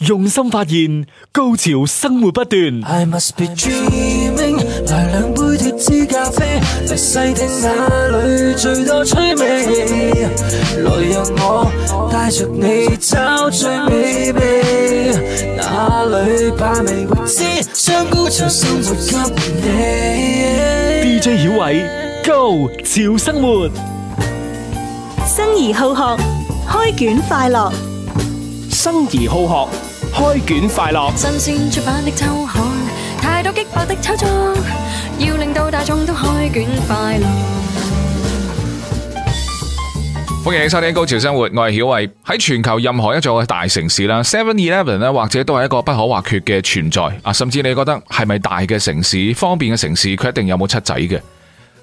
用心發現，高潮生活不斷。I must be dreaming，來兩杯脱脂咖啡，嚟細聽那裏最多趣味。來讓我帶着你找最美味，哪裏把味知？將高潮生活給你。DJ 小偉，高潮生活。生而好學，開卷快樂。生而好學。開卷快樂！新鮮出版的周刊，太多激爆的炒作，要令到大眾都開卷快樂。歡迎你收聽《高潮生活》，我係曉慧，喺全球任何一座大城市啦，Seven Eleven 咧，或者都係一個不可或缺嘅存在啊！甚至你覺得係咪大嘅城市、方便嘅城市，佢一定有冇七仔嘅？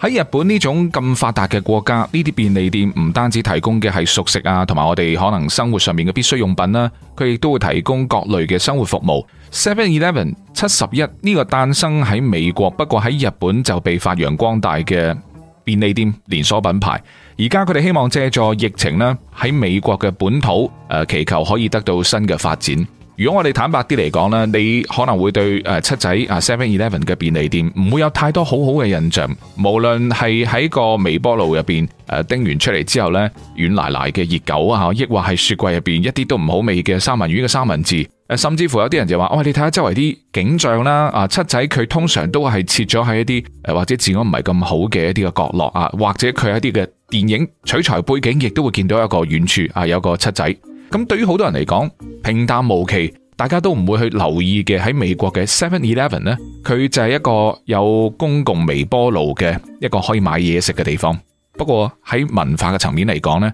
喺日本呢種咁發達嘅國家，呢啲便利店唔單止提供嘅係熟食啊，同埋我哋可能生活上面嘅必需用品啦，佢亦都會提供各類嘅生活服務。Seven Eleven 七十一呢個誕生喺美國，不過喺日本就被發揚光大嘅便利店連鎖品牌。而家佢哋希望借助疫情咧喺美國嘅本土誒祈求可以得到新嘅發展。如果我哋坦白啲嚟講咧，你可能會對誒七仔啊 Seven Eleven 嘅便利店唔會有太多好好嘅印象。無論係喺個微波爐入邊誒叮完出嚟之後呢，軟賴賴嘅熱狗啊，亦或係雪櫃入邊一啲都唔好味嘅三文魚嘅三文治，誒、啊、甚至乎有啲人就話：哇、哦，你睇下周圍啲景象啦，啊七仔佢通常都係設咗喺一啲誒或者治安唔係咁好嘅一啲嘅角落啊，或者佢一啲嘅電影取材背景亦都會見到一個遠處啊有個七仔。咁對於好多人嚟講，平淡無奇，大家都唔會去留意嘅喺美國嘅 Seven Eleven 咧，佢就係一個有公共微波爐嘅一個可以買嘢食嘅地方。不過喺文化嘅層面嚟講呢，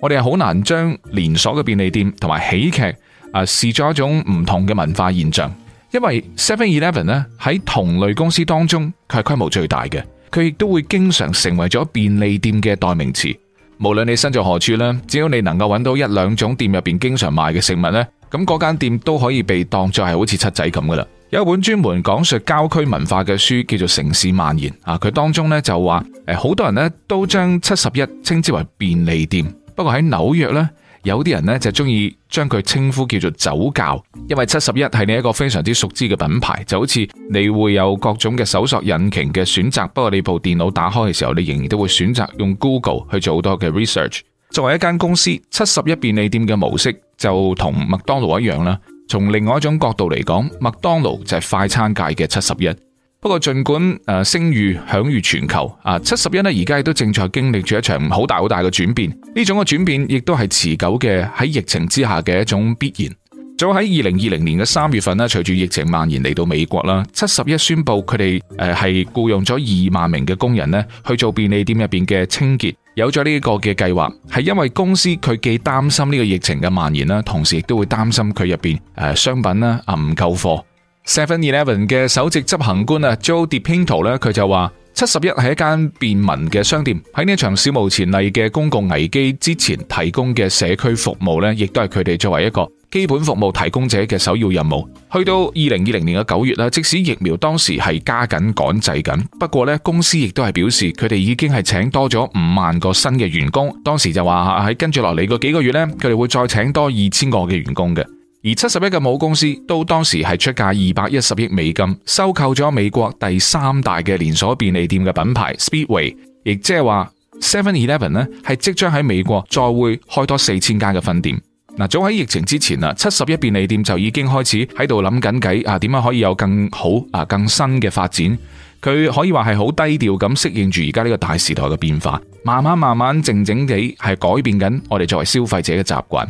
我哋係好難將連鎖嘅便利店同埋喜劇啊視作一種唔同嘅文化現象，因為 Seven Eleven 咧，喺同類公司當中佢係規模最大嘅，佢亦都會經常成為咗便利店嘅代名詞。無論你身在何處咧，只要你能夠揾到一兩種店入邊經常賣嘅食物呢，咁嗰間店都可以被當作係好似七仔咁噶啦。有一本專門講述郊區文化嘅書，叫做《城市蔓延》啊，佢當中呢就話，誒，好多人呢都將七十一稱之為便利店。不過喺紐約呢。」有啲人呢，就中意將佢稱呼叫做「酒窖」，因為七十一係你一個非常之熟知嘅品牌，就好似你會有各種嘅搜索引擎嘅選擇，不過你部電腦打開嘅時候，你仍然都會選擇用 Google 去做好多嘅 research。作為一間公司，七十一便利店嘅模式就同麥當勞一樣啦。從另外一種角度嚟講，麥當勞就係快餐界嘅七十一。不過儘管誒聲譽享譽全球，啊七十一咧而家亦都正在經歷住一場好大好大嘅轉變。呢種嘅轉變亦都係持久嘅，喺疫情之下嘅一種必然。早喺二零二零年嘅三月份咧，隨住疫情蔓延嚟到美國啦，七十一宣佈佢哋誒係僱傭咗二萬名嘅工人咧去做便利店入邊嘅清潔。有咗呢個嘅計劃，係因為公司佢既擔心呢個疫情嘅蔓延啦，同時亦都會擔心佢入邊誒商品咧啊唔夠貨。Seven Eleven 嘅首席執行官啊，Joe DePinto 咧，佢就話：七十一係一間便民嘅商店，喺呢場史無前例嘅公共危機之前提供嘅社區服務咧，亦都係佢哋作為一個基本服務提供者嘅首要任務。去到二零二零年嘅九月啦，即使疫苗當時係加緊趕製緊，不過咧公司亦都係表示佢哋已經係請多咗五萬個新嘅員工。當時就話喺跟住落嚟嗰幾個月咧，佢哋會再請多二千個嘅員工嘅。而七十一嘅母公司都當時係出價二百一十億美金收購咗美國第三大嘅連鎖便利店嘅品牌 Speedway，亦即係話 Seven Eleven 咧，係即將喺美國再會開多四千間嘅分店。嗱，早喺疫情之前啊，七十一便利店就已經開始喺度諗緊計啊，點樣可以有更好啊、更新嘅發展？佢可以話係好低調咁適應住而家呢個大時代嘅變化，慢慢慢慢靜靜地係改變緊我哋作為消費者嘅習慣。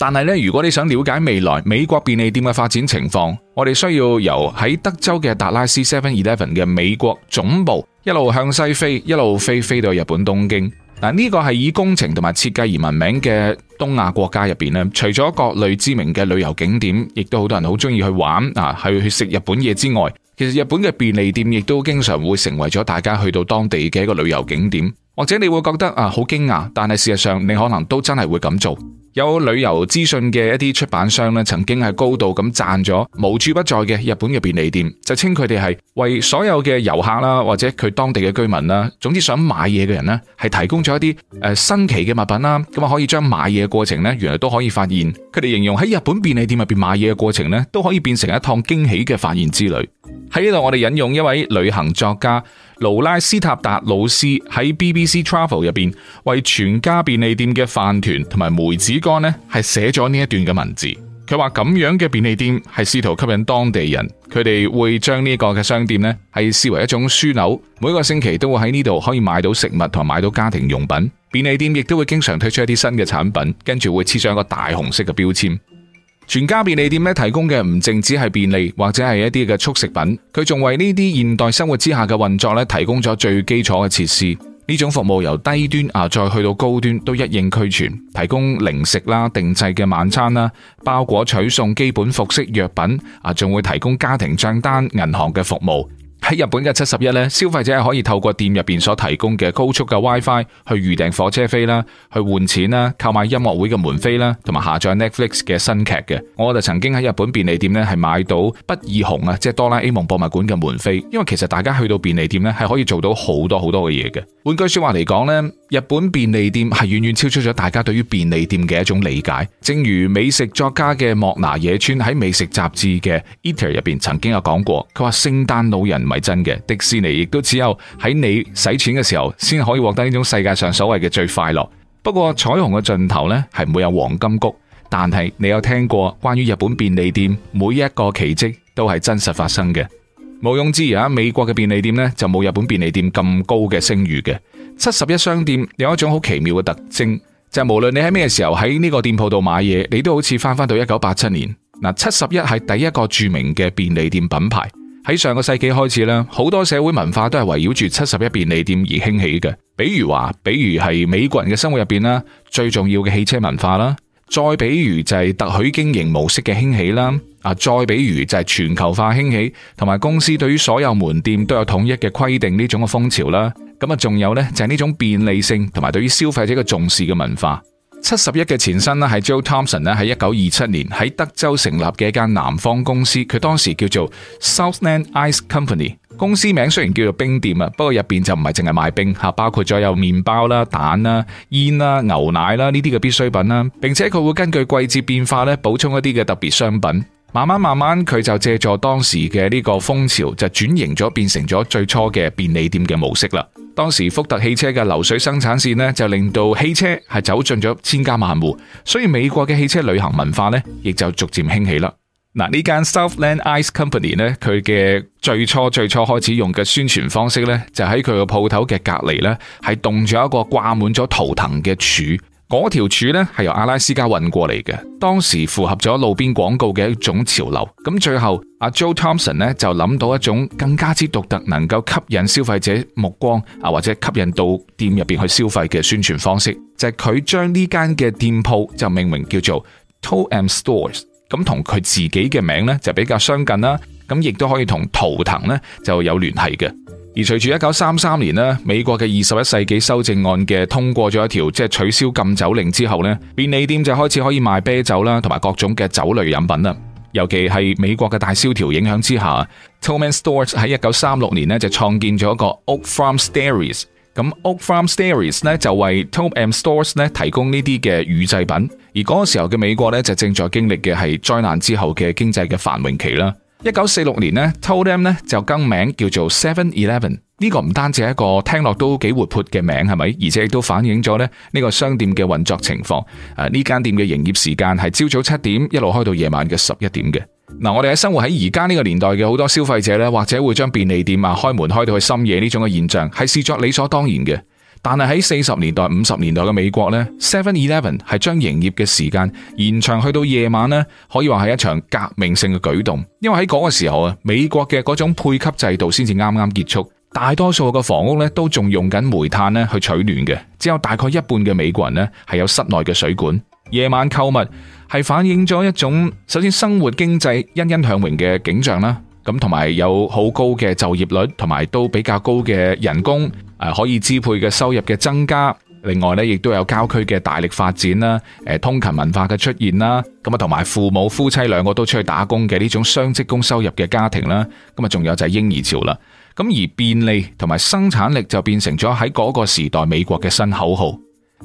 但係咧，如果你想了解未來美國便利店嘅發展情況，我哋需要由喺德州嘅達拉斯 Seven Eleven 嘅美國總部一路向西飛，一路飛飛到日本東京嗱。呢個係以工程同埋設計而聞名嘅東亞國家入邊咧，除咗各類知名嘅旅遊景點，亦都好多人好中意去玩啊，去去食日本嘢之外，其實日本嘅便利店亦都經常會成為咗大家去到當地嘅一個旅遊景點。或者你會覺得啊，好驚訝，但係事實上你可能都真係會咁做。有旅遊資訊嘅一啲出版商咧，曾經係高度咁讚咗無處不在嘅日本嘅便利店，就稱佢哋係為所有嘅遊客啦，或者佢當地嘅居民啦，總之想買嘢嘅人呢，係提供咗一啲誒、呃、新奇嘅物品啦，咁啊可以將買嘢嘅過程呢，原來都可以發現。佢哋形容喺日本便利店入邊買嘢嘅過程呢，都可以變成一趟驚喜嘅發現之旅。喺呢度我哋引用一位旅行作家勞拉斯塔達老師喺 BBC Travel 入邊為全家便利店嘅飯糰同埋梅子。呢個呢係寫咗呢一段嘅文字，佢話，咁樣嘅便利店係試圖吸引當地人，佢哋會將呢個嘅商店呢係視為一種樞紐，每個星期都會喺呢度可以買到食物同埋買到家庭用品。便利店亦都會經常推出一啲新嘅產品，跟住會黐上一個大紅色嘅標籤。全家便利店呢提供嘅唔淨止係便利，或者係一啲嘅速食品，佢仲為呢啲現代生活之下嘅運作呢提供咗最基礎嘅設施。呢種服務由低端啊再去到高端都一應俱全，提供零食啦、定制嘅晚餐啦、包裹取送、基本服飾藥、藥品啊，仲會提供家庭帳單、銀行嘅服務。喺日本嘅七十一呢，消費者係可以透過店入邊所提供嘅高速嘅 WiFi 去預訂火車飛啦，去換錢啦，購買音樂會嘅門飛啦，同埋下載 Netflix 嘅新劇嘅。我就曾經喺日本便利店呢係買到不二雄啊，即係哆啦 A 夢博物館嘅門飛。因為其實大家去到便利店呢係可以做到好多好多嘅嘢嘅。換句説話嚟講呢，日本便利店係遠遠超出咗大家對於便利店嘅一種理解。正如美食作家嘅莫拿野村喺美食雜誌嘅 Eater 入邊曾經有講過，佢話聖誕老人迷。真嘅，迪士尼亦都只有喺你使錢嘅時候，先可以獲得呢種世界上所謂嘅最快樂。不過彩虹嘅盡頭呢，係唔會有黃金谷。但係你有聽過關於日本便利店每一個奇蹟都係真實發生嘅？毋庸置疑啊，美國嘅便利店呢，就冇日本便利店咁高嘅聲譽嘅。七十一商店有一種好奇妙嘅特徵，就係無論你喺咩時候喺呢個店鋪度買嘢，你都好似翻翻到一九八七年。嗱，七十一係第一個著名嘅便利店品牌。喺上個世紀開始啦，好多社會文化都係圍繞住七十一便利店而興起嘅，比如話，比如係美國人嘅生活入邊啦，最重要嘅汽車文化啦，再比如就係特許經營模式嘅興起啦，啊，再比如就係全球化興起，同埋公司對於所有門店都有統一嘅規定呢種嘅風潮啦，咁啊，仲有呢？就係呢種便利性同埋對於消費者嘅重視嘅文化。七十一嘅前身呢，係 Joe Thompson 呢，喺一九二七年喺德州成立嘅一間南方公司，佢當時叫做 Southland Ice Company。公司名雖然叫做冰店啊，不過入邊就唔係淨係賣冰吓，包括咗有麵包啦、蛋啦、煙啦、牛奶啦呢啲嘅必需品啦，並且佢會根據季節變化咧補充一啲嘅特別商品。慢慢慢慢，佢就借助當時嘅呢個風潮，就轉型咗變成咗最初嘅便利店嘅模式啦。當時福特汽車嘅流水生產線咧，就令到汽車係走進咗千家萬戶，所以美國嘅汽車旅行文化呢亦就逐漸興起啦。嗱，呢間 Southland Ice Company 呢，佢嘅最初最初開始用嘅宣傳方式呢，就喺佢個鋪頭嘅隔離呢，係棟咗一個掛滿咗圖騰嘅柱。嗰條柱咧係由阿拉斯加運過嚟嘅，當時符合咗路邊廣告嘅一種潮流。咁最後阿 Joe Thompson 咧就諗到一種更加之獨特，能夠吸引消費者目光啊，或者吸引到店入邊去消費嘅宣傳方式，就係佢將呢間嘅店鋪就命名叫做 Toad Stores，咁同佢自己嘅名咧就比較相近啦。咁亦都可以同圖騰咧就有聯繫嘅。而隨住一九三三年呢，美國嘅二十一世紀修正案嘅通過咗一條，即係取消禁酒令之後呢，便利店就開始可以賣啤酒啦，同埋各種嘅酒類飲品啦。尤其係美國嘅大蕭條影響之下，Tobin Stores 喺一九三六年呢就創建咗一個 Oak Farm Steries。咁 Oak Farm Steries 呢就為 Tobin Stores 提供呢啲嘅乳製品。而嗰時候嘅美國呢，就正在經歷嘅係災難之後嘅經濟嘅繁榮期啦。一九四六年呢 Tote'm 呢就更名叫做 Seven Eleven。呢個唔單止係一個聽落都幾活潑嘅名，係咪？而且亦都反映咗咧呢個商店嘅運作情況。誒、啊，呢間店嘅營業時間係朝早七點一路開到夜晚嘅十一點嘅。嗱、啊，我哋喺生活喺而家呢個年代嘅好多消費者呢，或者會將便利店啊開門開到去深夜呢種嘅現象，係視作理所當然嘅。但係喺四十年代、五十年代嘅美國呢 s e v e n Eleven 係將營業嘅時間延長去到夜晚呢可以話係一場革命性嘅舉動。因為喺嗰個時候啊，美國嘅嗰種配給制度先至啱啱結束，大多數嘅房屋呢都仲用緊煤炭咧去取暖嘅，只有大概一半嘅美國人咧係有室內嘅水管。夜晚購物係反映咗一種首先生活經濟欣欣向榮嘅景象啦。咁同埋有好高嘅就業率，同埋都比較高嘅人工，誒可以支配嘅收入嘅增加。另外呢，亦都有郊區嘅大力發展啦，誒通勤文化嘅出現啦。咁啊，同埋父母夫妻兩個都出去打工嘅呢種雙職工收入嘅家庭啦。咁啊，仲有就係嬰兒潮啦。咁而便利同埋生產力就變成咗喺嗰個時代美國嘅新口號。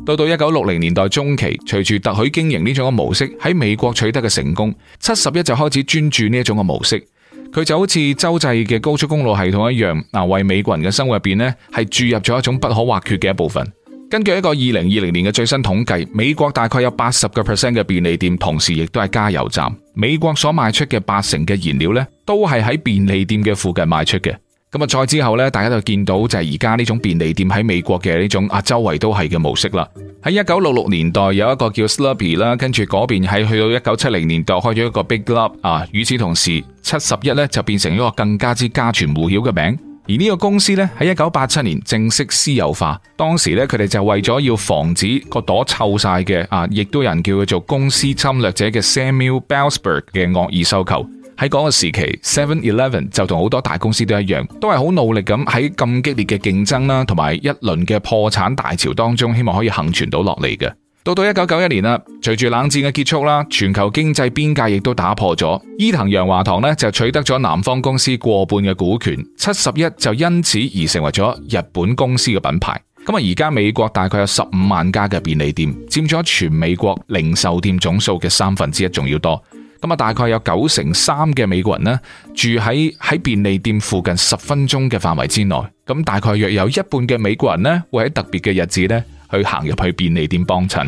到到一九六零年代中期，隨住特許經營呢種嘅模式喺美國取得嘅成功，七十一就開始專注呢一種嘅模式。佢就好似州際嘅高速公路系統一樣，嗱，為美國人嘅生活入邊呢，係注入咗一種不可或缺嘅一部分。根據一個二零二零年嘅最新統計，美國大概有八十個 percent 嘅便利店同時亦都係加油站。美國所賣出嘅八成嘅燃料呢，都係喺便利店嘅附近賣出嘅。咁啊，再之後呢，大家就見到就係而家呢種便利店喺美國嘅呢種啊周圍都係嘅模式啦。喺一九六六年代，有一個叫 Slurpee 啦，跟住嗰邊喺去到一九七零年代開咗一個 Big Gulp 啊。與此同時，七十一咧就變成一個更加之家傳戶曉嘅名。而呢個公司咧喺一九八七年正式私有化，當時咧佢哋就為咗要防止個朵臭晒嘅啊，亦都有人叫佢做公司侵略者嘅 Samuel Belzberg 嘅惡意收購。喺嗰個時期，Seven Eleven 就同好多大公司都一樣，都係好努力咁喺咁激烈嘅競爭啦，同埋一輪嘅破產大潮當中，希望可以倖存到落嚟嘅。到到一九九一年啦，隨住冷戰嘅結束啦，全球經濟邊界亦都打破咗。伊藤洋華堂呢，就取得咗南方公司過半嘅股權，七十一就因此而成為咗日本公司嘅品牌。咁啊，而家美國大概有十五萬家嘅便利店，佔咗全美國零售店總數嘅三分之一仲要多。咁啊，大概有九成三嘅美國人呢，住喺喺便利店附近十分鐘嘅範圍之內。咁大概約有一半嘅美國人呢，會喺特別嘅日子呢去行入去便利店幫襯。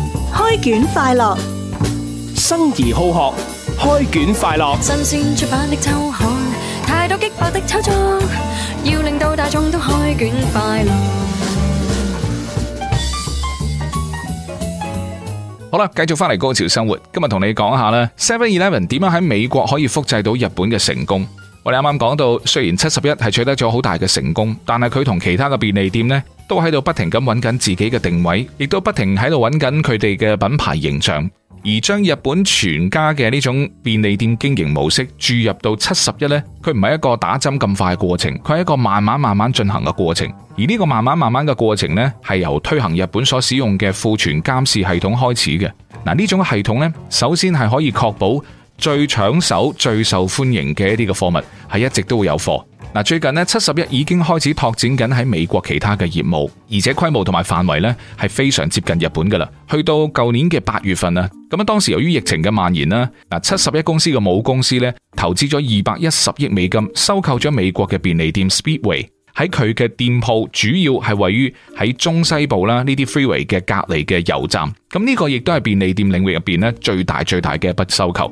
開卷快樂，生而好學，開卷快樂。新鮮出版的秋刊，太多激爆的炒作，要令到大眾都開卷快樂。好啦，繼續翻嚟高潮生活。今日同你講下呢，Seven Eleven 點樣喺美國可以複製到日本嘅成功。我哋啱啱講到，雖然七十一係取得咗好大嘅成功，但係佢同其他嘅便利店呢，都喺度不停咁揾緊自己嘅定位，亦都不停喺度揾緊佢哋嘅品牌形象。而將日本全家嘅呢種便利店經營模式注入到七十一呢，佢唔係一個打針咁快嘅過程，佢係一個慢慢慢慢進行嘅過程。而呢個慢慢慢慢嘅過程呢，係由推行日本所使用嘅庫存監視系統開始嘅。嗱，呢種系統呢，首先係可以確保最搶手、最受歡迎嘅一啲嘅貨物係一直都會有貨。嗱，最近咧，七十一已經開始拓展緊喺美國其他嘅業務，而且規模同埋範圍呢係非常接近日本噶啦。去到舊年嘅八月份啊，咁啊，當時由於疫情嘅蔓延啦，嗱，七十一公司嘅母公司呢投資咗二百一十億美金收購咗美國嘅便利店 Speedway，喺佢嘅店鋪主要係位於喺中西部啦呢啲 freeway 嘅隔籬嘅油站，咁、這、呢個亦都係便利店領域入邊呢最大最大嘅一筆收購。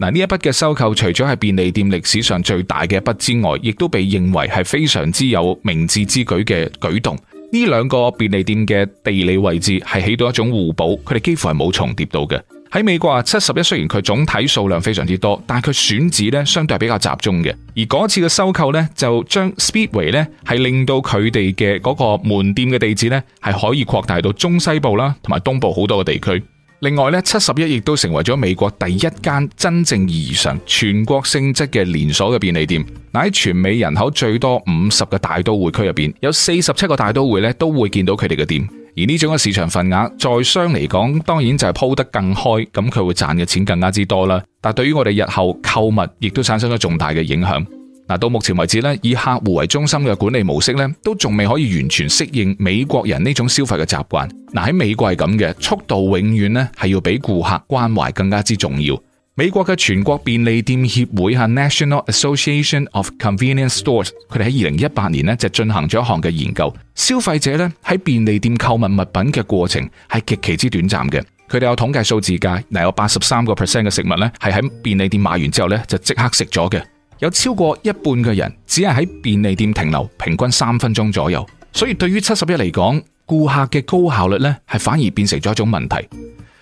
嗱，呢一筆嘅收購，除咗係便利店歷史上最大嘅一筆之外，亦都被認為係非常之有明智之舉嘅舉動。呢兩個便利店嘅地理位置係起到一種互補，佢哋幾乎係冇重疊到嘅。喺美國啊，七十一雖然佢總體數量非常之多，但係佢選址呢相對係比較集中嘅。而嗰次嘅收購呢，就將 Speedway 呢係令到佢哋嘅嗰個門店嘅地址呢係可以擴大到中西部啦，同埋東部好多嘅地區。另外咧，七十一亦都成為咗美國第一間真正意義上全國性質嘅連鎖嘅便利店。嗱，喺全美人口最多五十個大都會區入邊，有四十七個大都會咧都會見到佢哋嘅店。而呢種嘅市場份額，在商嚟講，當然就係鋪得更開，咁佢會賺嘅錢更加之多啦。但係對於我哋日後購物，亦都產生咗重大嘅影響。嗱，到目前為止咧，以客戶為中心嘅管理模式咧，都仲未可以完全適應美國人呢種消費嘅習慣。嗱，喺美國係咁嘅，速度永遠咧係要比顧客關懷更加之重要。美國嘅全國便利店協會係 National Association of Convenience Stores，佢哋喺二零一八年咧就進行咗一項嘅研究，消費者咧喺便利店購物物品嘅過程係極其之短暫嘅。佢哋有統計數字介，嗱有八十三個 percent 嘅食物咧係喺便利店買完之後咧就即刻食咗嘅。有超過一半嘅人只係喺便利店停留，平均三分鐘左右，所以對於七十一嚟講，顧客嘅高效率咧係反而變成咗一種問題，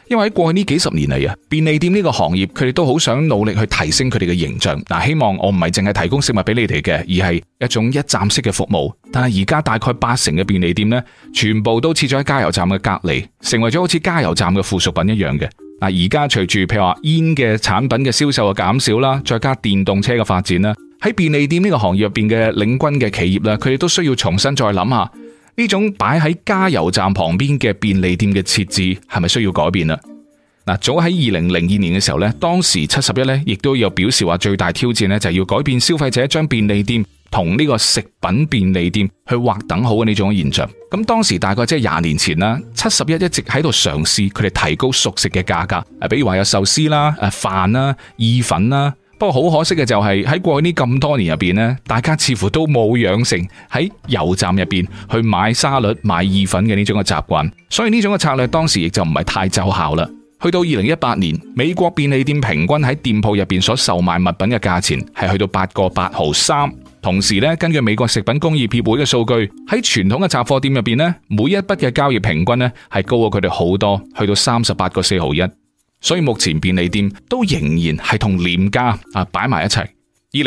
因為喺過去呢幾十年嚟啊，便利店呢個行業佢哋都好想努力去提升佢哋嘅形象，嗱，希望我唔係淨係提供食物俾你哋嘅，而係一種一站式嘅服務。但係而家大概八成嘅便利店呢，全部都設咗喺加油站嘅隔籬，成為咗好似加油站嘅附屬品一樣嘅。嗱，而家隨住譬如話煙嘅產品嘅銷售嘅減少啦，再加電動車嘅發展啦，喺便利店呢個行業入邊嘅領軍嘅企業啦，佢哋都需要重新再諗下呢種擺喺加油站旁邊嘅便利店嘅設置係咪需要改變啦？嗱，早喺二零零二年嘅時候咧，當時七十一咧，亦都有表示話最大挑戰咧就係要改變消費者將便利店。同呢個食品便利店去劃等號嘅呢種現象咁，當時大概即係廿年前啦。七十一一直喺度嘗試佢哋提高熟食嘅價格，比如話有壽司啦、誒飯啦、意粉啦。不過好可惜嘅就係喺過去呢咁多年入邊呢，大家似乎都冇養成喺油站入邊去買沙律、買意粉嘅呢種嘅習慣，所以呢種嘅策略當時亦就唔係太奏效啦。去到二零一八年，美國便利店平均喺店鋪入邊所售賣物品嘅價錢係去到八個八毫三。同時咧，根據美國食品工業協會嘅數據，喺傳統嘅雜貨店入邊咧，每一筆嘅交易平均咧係高過佢哋好多，去到三十八個四毫一。所以目前便利店都仍然係同廉價啊擺埋一齊。二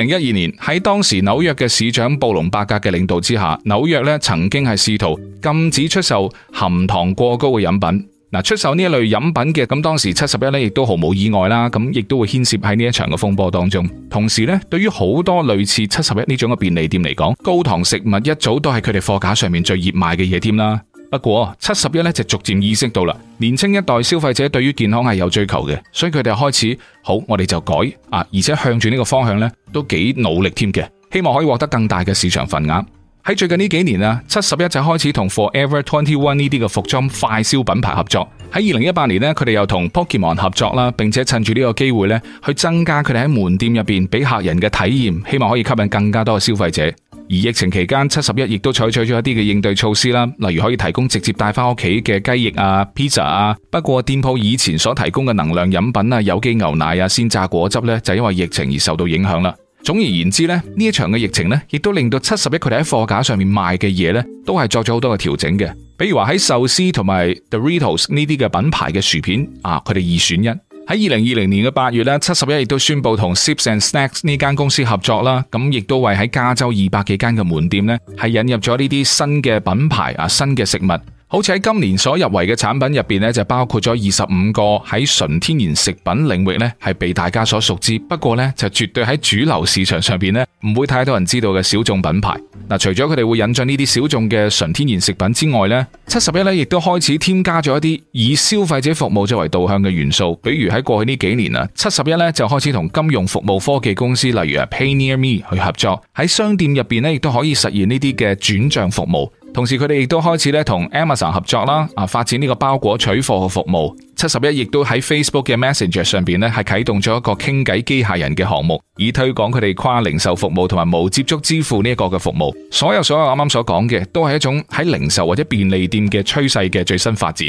零一二年喺當時紐約嘅市長布隆伯格嘅領導之下，紐約咧曾經係試圖禁止出售含糖過高嘅飲品。嗱，出售呢一類飲品嘅，咁當時七十一咧，亦都毫無意外啦。咁亦都會牽涉喺呢一場嘅風波當中。同時咧，對於好多類似七十一呢種嘅便利店嚟講，高糖食物一早都係佢哋貨架上面最熱賣嘅嘢添啦。不過七十一咧就逐漸意識到啦，年輕一代消費者對於健康係有追求嘅，所以佢哋開始好，我哋就改啊，而且向住呢個方向咧都幾努力添嘅，希望可以獲得更大嘅市場份額。喺最近呢幾年啊，七十一就開始同 Forever Twenty One 呢啲嘅服裝快銷品牌合作。喺二零一八年呢，佢哋又同 Pokemon 合作啦，並且趁住呢個機會呢，去增加佢哋喺門店入邊俾客人嘅體驗，希望可以吸引更加多嘅消費者。而疫情期間，七十一亦都採取咗一啲嘅應對措施啦，例如可以提供直接帶翻屋企嘅雞翼啊、pizza 啊。不過店鋪以前所提供嘅能量飲品啊、有機牛奶啊、鮮榨果汁呢，就因為疫情而受到影響啦。總而言之咧，呢一場嘅疫情呢亦都令到七十一佢哋喺貨架上面賣嘅嘢呢都係作咗好多嘅調整嘅。比如話喺壽司同埋 Doritos 呢啲嘅品牌嘅薯片啊，佢哋二選一。喺二零二零年嘅八月咧，七十一亦都宣布同 Sips and Snacks 呢間公司合作啦。咁亦都為喺加州二百幾間嘅門店呢係引入咗呢啲新嘅品牌啊，新嘅食物。好似喺今年所入圍嘅產品入邊呢，就包括咗二十五個喺純天然食品領域呢係被大家所熟知。不過呢，就絕對喺主流市場上邊呢唔會太多人知道嘅小眾品牌。嗱，除咗佢哋會引進呢啲小眾嘅純天然食品之外呢，七十一呢亦都開始添加咗一啲以消費者服務作為導向嘅元素。比如喺過去呢幾年啊，七十一呢就開始同金融服務科技公司例如啊 PayNearMe 去合作，喺商店入邊呢亦都可以實現呢啲嘅轉賬服務。同時佢哋亦都開始咧同 Amazon 合作啦，啊發展呢個包裹取貨嘅服務。七十一亦都喺 Facebook 嘅 Messenger 上邊咧係啟動咗一個傾偈機械人嘅項目，以推廣佢哋跨零售服務同埋無接觸支付呢一個嘅服務。所有所有啱啱所講嘅都係一種喺零售或者便利店嘅趨勢嘅最新發展。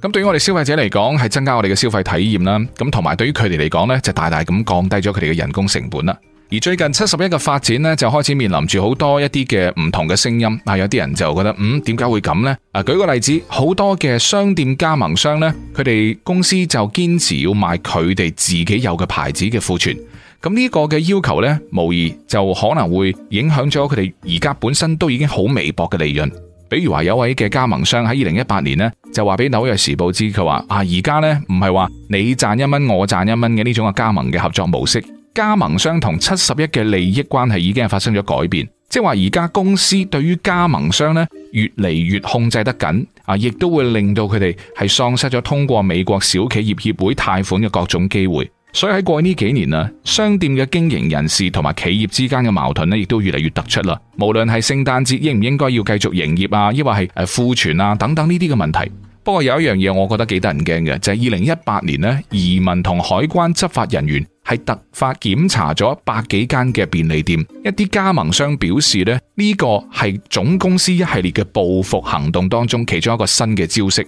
咁對於我哋消費者嚟講係增加我哋嘅消費體驗啦，咁同埋對於佢哋嚟講咧就大大咁降低咗佢哋嘅人工成本啦。而最近七十一嘅發展呢，就開始面臨住好多一啲嘅唔同嘅聲音，係有啲人就覺得，嗯，點解會咁呢？啊，舉個例子，好多嘅商店加盟商呢，佢哋公司就堅持要賣佢哋自己有嘅牌子嘅庫存，咁呢個嘅要求呢，無疑就可能會影響咗佢哋而家本身都已經好微薄嘅利潤。比如話有位嘅加盟商喺二零一八年呢，就話俾紐約時報知佢話，啊，而家呢，唔係話你賺一蚊我賺一蚊嘅呢種嘅加盟嘅合作模式。加盟商同七十一嘅利益關係已經係發生咗改變，即係話而家公司對於加盟商咧，越嚟越控制得緊，啊，亦都會令到佢哋係喪失咗通過美國小企業協會貸款嘅各種機會。所以喺過去呢幾年啊，商店嘅經營人士同埋企業之間嘅矛盾咧，亦都越嚟越突出啦。無論係聖誕節應唔應該要繼續營業啊，抑或係誒，庫存啊等等呢啲嘅問題。不過有一樣嘢，我覺得幾得人驚嘅，就係二零一八年呢，移民同海關執法人員係突發檢查咗百幾間嘅便利店。一啲加盟商表示呢，呢、呢個係總公司一系列嘅報復行動當中其中一個新嘅招式。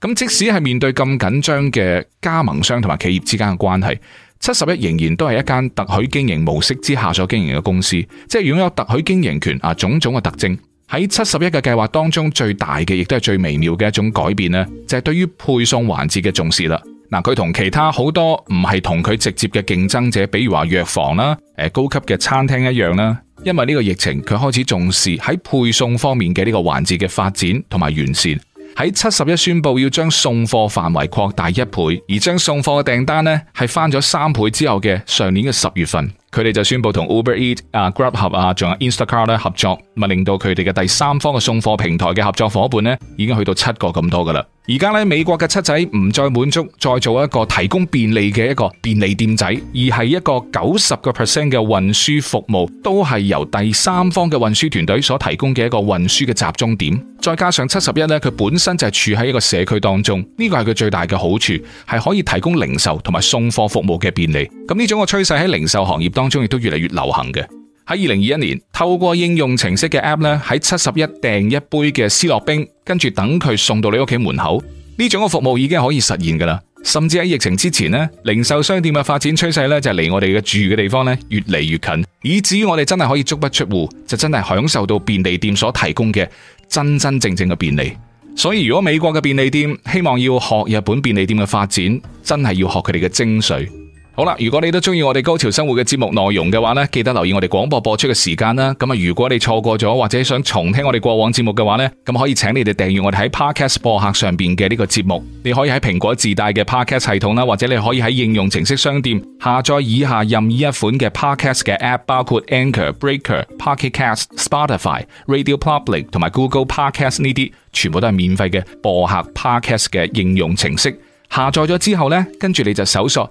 咁即使係面對咁緊張嘅加盟商同埋企業之間嘅關係，七十一仍然都係一間特許經營模式之下所經營嘅公司，即係擁有特許經營權啊，種種嘅特徵。喺七十一嘅計劃當中，最大嘅亦都係最微妙嘅一種改變呢，就係對於配送環節嘅重視啦。嗱，佢同其他好多唔係同佢直接嘅競爭者，比如話藥房啦、誒高級嘅餐廳一樣啦，因為呢個疫情，佢開始重視喺配送方面嘅呢個環節嘅發展同埋完善。喺七十一宣布要將送貨範圍擴大一倍，而將送貨嘅訂單呢係翻咗三倍之後嘅上年嘅十月份。佢哋就宣布同 Uber Eat 啊 Grubhub 啊，仲有 Instacart 咧、啊、合作，咪令到佢哋嘅第三方嘅送貨平台嘅合作伙伴咧，已經去到七個咁多噶啦。而家咧，美國嘅七仔唔再滿足再做一個提供便利嘅一個便利店仔，而係一個九十個 percent 嘅運輸服務都係由第三方嘅運輸團隊所提供嘅一個運輸嘅集中點，再加上七十一咧，佢本身就係處喺一個社區當中，呢、這個係佢最大嘅好處，係可以提供零售同埋送貨服務嘅便利。咁呢種嘅趨勢喺零售行業當。當中亦都越嚟越流行嘅。喺二零二一年，透過應用程式嘅 App 咧，喺七十一訂一杯嘅思樂冰，跟住等佢送到你屋企門口，呢種嘅服務已經可以實現噶啦。甚至喺疫情之前咧，零售商店嘅發展趨勢咧就係離我哋嘅住嘅地方咧越嚟越近，以至於我哋真係可以足不出戶就真係享受到便利店所提供嘅真真正正嘅便利。所以如果美國嘅便利店希望要學日本便利店嘅發展，真係要學佢哋嘅精髓。好啦，如果你都中意我哋高潮生活嘅節目內容嘅話呢，記得留意我哋廣播播出嘅時間啦。咁啊，如果你錯過咗或者想重聽我哋過往節目嘅話呢，咁可以請你哋訂閱我哋喺 Podcast 播客上邊嘅呢個節目。你可以喺蘋果自帶嘅 Podcast 系統啦，或者你可以喺應用程式商店下載以下任意一款嘅 Podcast 嘅 App，包括 Anchor、Breaker、Pocket Cast、Spotify、Radio Public 同埋 Google Podcast 呢啲，全部都係免費嘅播客 Podcast 嘅應用程式。下載咗之後呢，跟住你就搜索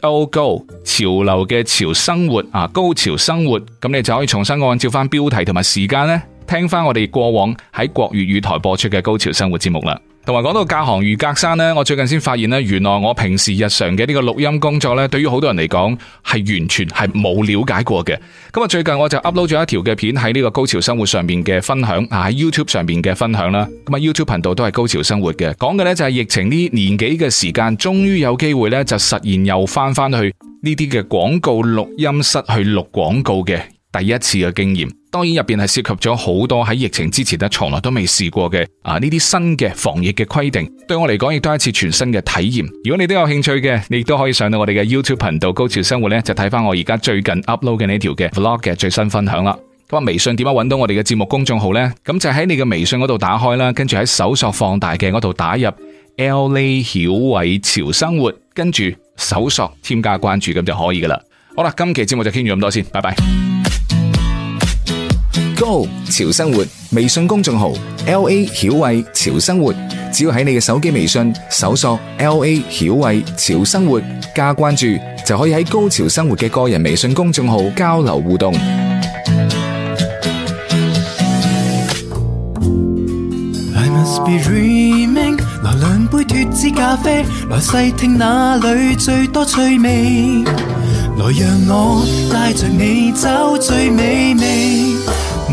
Go Go 潮流嘅潮生活啊，高潮生活，咁你就可以重新按照翻標題同埋時間呢，聽翻我哋過往喺國粵語台播出嘅高潮生活節目啦。同埋講到隔行如隔山呢，我最近先發現呢，原來我平時日常嘅呢個錄音工作呢，對於好多人嚟講係完全係冇了解過嘅。咁啊，最近我就 upload 咗一條嘅片喺呢個高潮生活上面嘅分享啊，喺 YouTube 上面嘅分享啦。咁啊，YouTube 頻道都係高潮生活嘅，講嘅呢就係疫情呢年幾嘅時間，終於有機會呢就實現又返返去呢啲嘅廣告錄音室去錄廣告嘅第一次嘅經驗，當然入邊係涉及咗好多喺疫情之前呢，從來都未試過嘅啊呢啲新嘅防疫嘅規定，對我嚟講亦都係一次全新嘅體驗。如果你都有興趣嘅，你亦都可以上到我哋嘅 YouTube 頻道《高潮生活》呢，就睇翻我而家最近 upload 嘅呢條嘅 Vlog 嘅最新分享啦。咁啊，微信點樣揾到我哋嘅節目公眾號呢？咁就喺你嘅微信嗰度打開啦，跟住喺搜索放大鏡嗰度打入 L A 曉偉潮生活，跟住搜索添加關注咁就可以噶啦。好啦，今期節目就傾住咁多先，拜拜。Go 潮生活微信公眾號 L A 曉慧潮生活，只要喺你嘅手機微信搜索 L A 曉慧潮生活加關注，就可以喺高潮生活嘅個人微信公眾號交流互動。來兩杯脫脂咖啡，來細聽哪裏最多趣味，來讓我帶着你找最美味。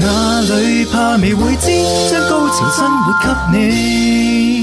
哪裏怕未會知，將高潮生活給你。